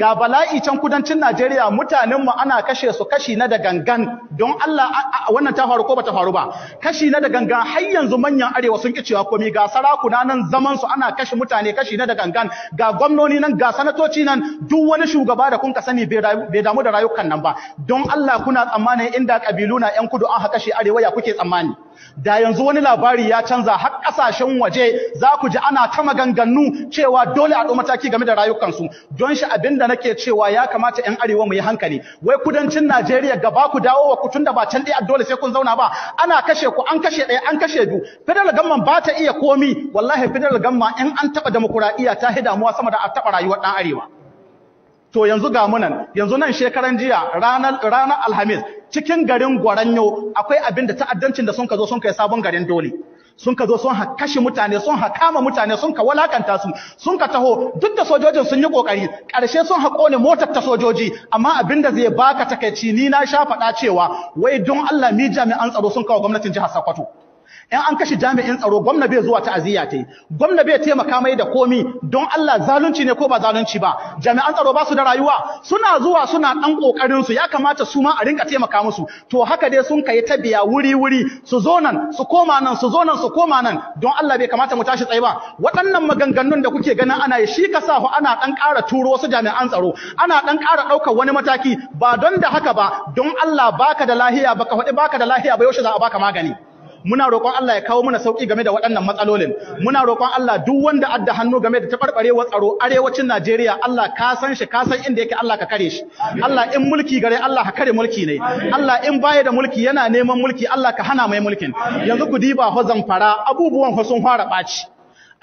ga bala'i can kudancin Najeriya mutanenmu ana kashe su kashi na da gangan don Allah wannan ta faru ko bata faru ba kashi na da gangan har yanzu manyan arewa sun kicewa komai ga sarakuna nan zaman su ana kashe mutane kashi na da gangan ga gwamnoni nan ga sanatoci nan duk wani shugaba da kun sani bai damu da rayukan nan ba don Allah kuna tsammanin inda kabilu na yan kudu an ha kashe arewa ya kuke tsammani da yanzu wani labari ya canza har kasashen waje za ku ji ana ta maganganu cewa dole a ɗau mataki game da rayukansu don shi abin da nake cewa ya kamata 'yan arewa mu yi hankali wai kudancin Najeriya gaba ku dawo wa kutun da ba can ɗaya dole sai kun zauna ba ana kashe ku an kashe ɗaya an kashe biyu federal gamman ba ta iya komi wallahi federal gamma in an taɓa demokuraɗiyya ta hi damuwa sama da a taɓa rayuwar ɗan arewa to yanzu ga munan yanzu nan shekaran jiya ranar ranar alhamis cikin garin Gwaranyo akwai abin da ta'addancin da sun ka zo sun kai sabon garin dole sun ka zo sun ha kashe mutane sun ha kama mutane sun ka walakanta su sun ka taho duk da sojojin sun yi kokari ƙarshe sun ha kone motar ta sojoji amma abin da zai baka takaici ni na sha faɗa cewa wai don Allah mi jami'an tsaro sun kawo gwamnatin jihar Sokoto in an kashe jami'in tsaro gwamna bai zuwa ta'aziyya ta yi gwamna bai taimaka mai da komi don Allah zalunci ne ko ba zalunci ba jami'an tsaro ba su da rayuwa suna zuwa suna ɗan kokarin su ya kamata su ma a rinka taimaka musu to haka dai sun kai ta biya wuri wuri su zo nan su koma nan su zo nan su koma nan don Allah bai kamata mu tashi tsaye ba waɗannan maganganun da kuke ganin ana yi shi ka sa ana ɗan ƙara turo wasu jami'an tsaro ana ɗan ƙara ɗaukar wani mataki ba don da haka ba don Allah baka da lahiya baka faɗi baka da lahiya ba yaushe za a baka magani muna roƙon Allah ya kawo mana sauki game da waɗannan matsalolin muna roƙon Allah duk wanda adda hannu game da tabarbarewar tsaro arewacin Najeriya Allah ka san shi ka san inda yake Allah ka kare shi Allah in mulki gare Allah ka kare mulki ne Allah in baya da mulki yana neman mulki Allah ka hana mai mulkin yanzu ku diba hozan fara. abubuwan fa sun fara ɓaci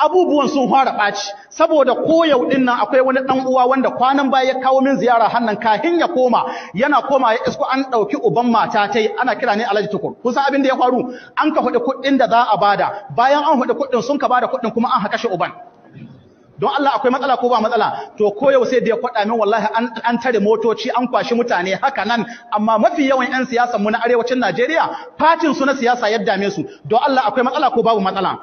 abubuwan sun fara ɓaci saboda koyau din nan akwai wani dan uwa wanda kwanan baya ya kawo min ziyara hannan kahin ya koma yana koma ya isko an ɗauki uban mata yi ana kira ne Alhaji Tukur kun abin da ya faru an ka hudu kuɗin da za a bada bayan an hudu kuɗin sun ka bada kuɗin kuma an haka shi uban don Allah akwai matsala ko ba matsala to koyau sai da ya kwaɗa min wallahi an an tare motoci an kwashi mutane haka nan amma mafi yawan yan siyasa mu na arewacin Najeriya fatin su na siyasa ya dame su don Allah akwai matsala ko babu matsala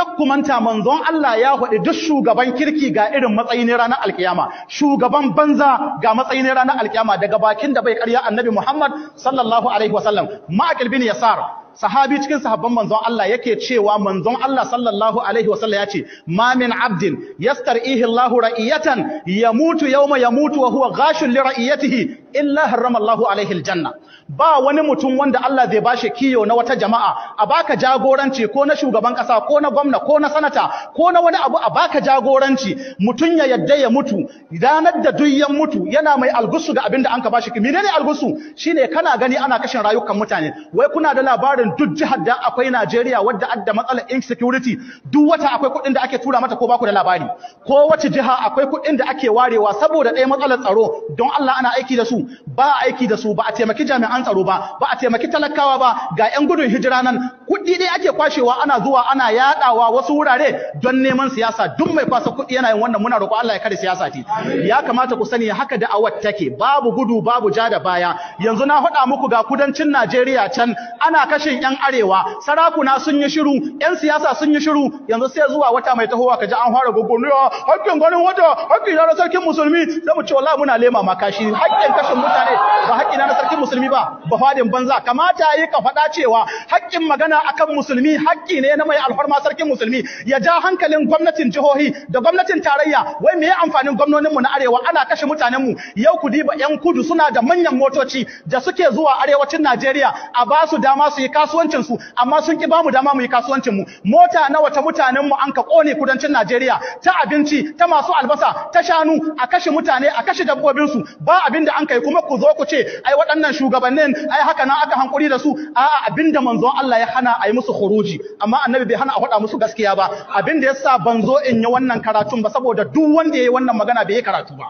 Takkumanta manzon Allah ya faɗi duk shugaban kirki ga irin matsayin ranar alkiyama shugaban banza ga matsayin ranar alkiyama daga bakin da bai karya annabi Muhammad sallallahu alaihi wasallam ma'aqil bin yasar sahabi cikin sahabban manzon Allah yake cewa manzon Allah sallallahu alaihi wasallam ya ce ma min abdin yastar'ihi Allahu ra'iyatan yamutu yawma yamutu wa huwa ghashun li ra'iyatihi illa harrama Allahu alaihi aljanna ba wani mutum wanda Allah zai bashi kiyo na wata jama'a a baka jagoranci ko na shugaban kasa ko na gwamna ko na sanata ko na wani abu a baka jagoranci mutum ya yadda ya mutu ranar da duyyan mutu yana mai algusu ga abinda an ka bashi menene algusu shine kana gani ana kashin rayukan mutane wai kuna da labarin duk jihar da akwai Najeriya wadda adda matsalar insecurity duk wata akwai kuɗin da ake tura mata ko baku da labari ko wace jiha akwai kuɗin da ake warewa saboda ɗaya matsalar tsaro don Allah ana aiki da su Ba a aiki da su ba a taimaki jami'an tsaro ba ba a taimaki talakawa ba ga yan gudun hijira nan kuɗi dai ake kwashewa ana zuwa ana yadawa wasu wurare don neman siyasa duk mai kwasa kuɗi yana yin wannan muna roƙo Allah ya kare siyasa ti ya kamata ku sani haka da awat take babu gudu babu ja da baya yanzu na hada muku ga kudancin Najeriya can ana kashin yan arewa sarakuna sun yi shiru yan siyasa sun yi shiru yanzu sai zuwa wata mai tahowa kaji an fara gogonuwa hakkin ganin wata hakkin ranar sarkin musulmi da mu ce wallahi muna lema makashi hakkin kashe haƙƙin mutane ba haƙƙi na sarkin musulmi ba ba fadin banza kamata yi ka faɗa cewa haƙƙin magana akan musulmi haƙƙi ne na mai alfarma sarkin musulmi ya ja hankalin gwamnatin jihohi da gwamnatin tarayya wai me ya amfanin gwamnonin mu na arewa ana kashe mutanen mu yau ku diba yan kudu suna da manyan motoci da suke zuwa arewacin Najeriya a ba su dama su yi kasuwancin su amma sun ki ba mu dama mu yi kasuwancin mu mota nawa ta mutanen mu an ka kone kudancin Najeriya ta abinci ta masu albasa ta shanu a kashe mutane a kashe dabbobin su ba abin da an kai kuma ku zo ku ce ai waɗannan shugabannin ai haka nan aka hankuri da su a'a abinda manzo Allah ya hana ai musu khuruji amma annabi bai hana a faɗa musu gaskiya ba abinda yasa ban zo in yi wannan karatun ba saboda duk wanda yayi wannan magana bai yi karatu ba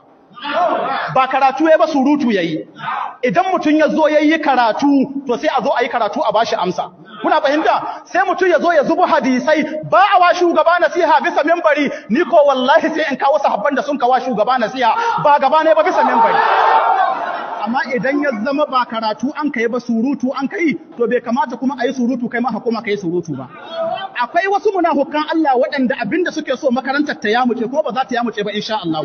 ba karatu ya ba surutu ya yi idan mutum ya zo ya yi karatu to sai a zo a yi karatu a bashi amsa kuna fahimta sai mutum ya zo ya zuba hadisai ba a wa shugaba nasiha bisa membari ni ko wallahi sai in kawo sahabban da sun kawo shugaba nasiha ba gaba ne ba bisa membari amma idan ya zama ba karatu an kai ba surutu an kai to bai kamata kuma a yi surutu kai ma hakuma kai surutu ba akwai wasu munafukan Allah waɗanda abinda suke so makarantar ta yamuce ko ba za ta yamuce ba insha Allah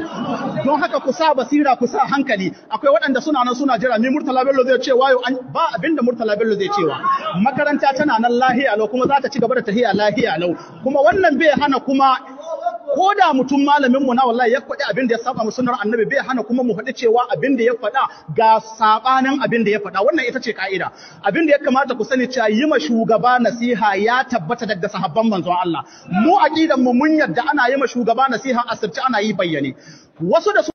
don haka ku sa basira ku sa hankali akwai waɗanda suna nan suna jira mi Murtala Bello zai ce wayo ba abinda Murtala Bello zai cewa makaranta tana nan lahiya lau kuma za ta ci gaba da tahiya lahiya lau kuma wannan bai hana kuma ko da mutum malamin mu na wallahi ya faɗi abin da ya saba sunnar annabi bai hana kuma mu faɗi cewa abin da ya faɗa ga sabanin abin da ya faɗa wannan ita ce ka'ida abin da ya kamata ku sani cewa yi ma shugaba nasiha ya tabbata daga sahabban manzon Allah mu aqidan mu mun yadda ana yi ma shugaba nasiha asirce ana yi bayyane wasu da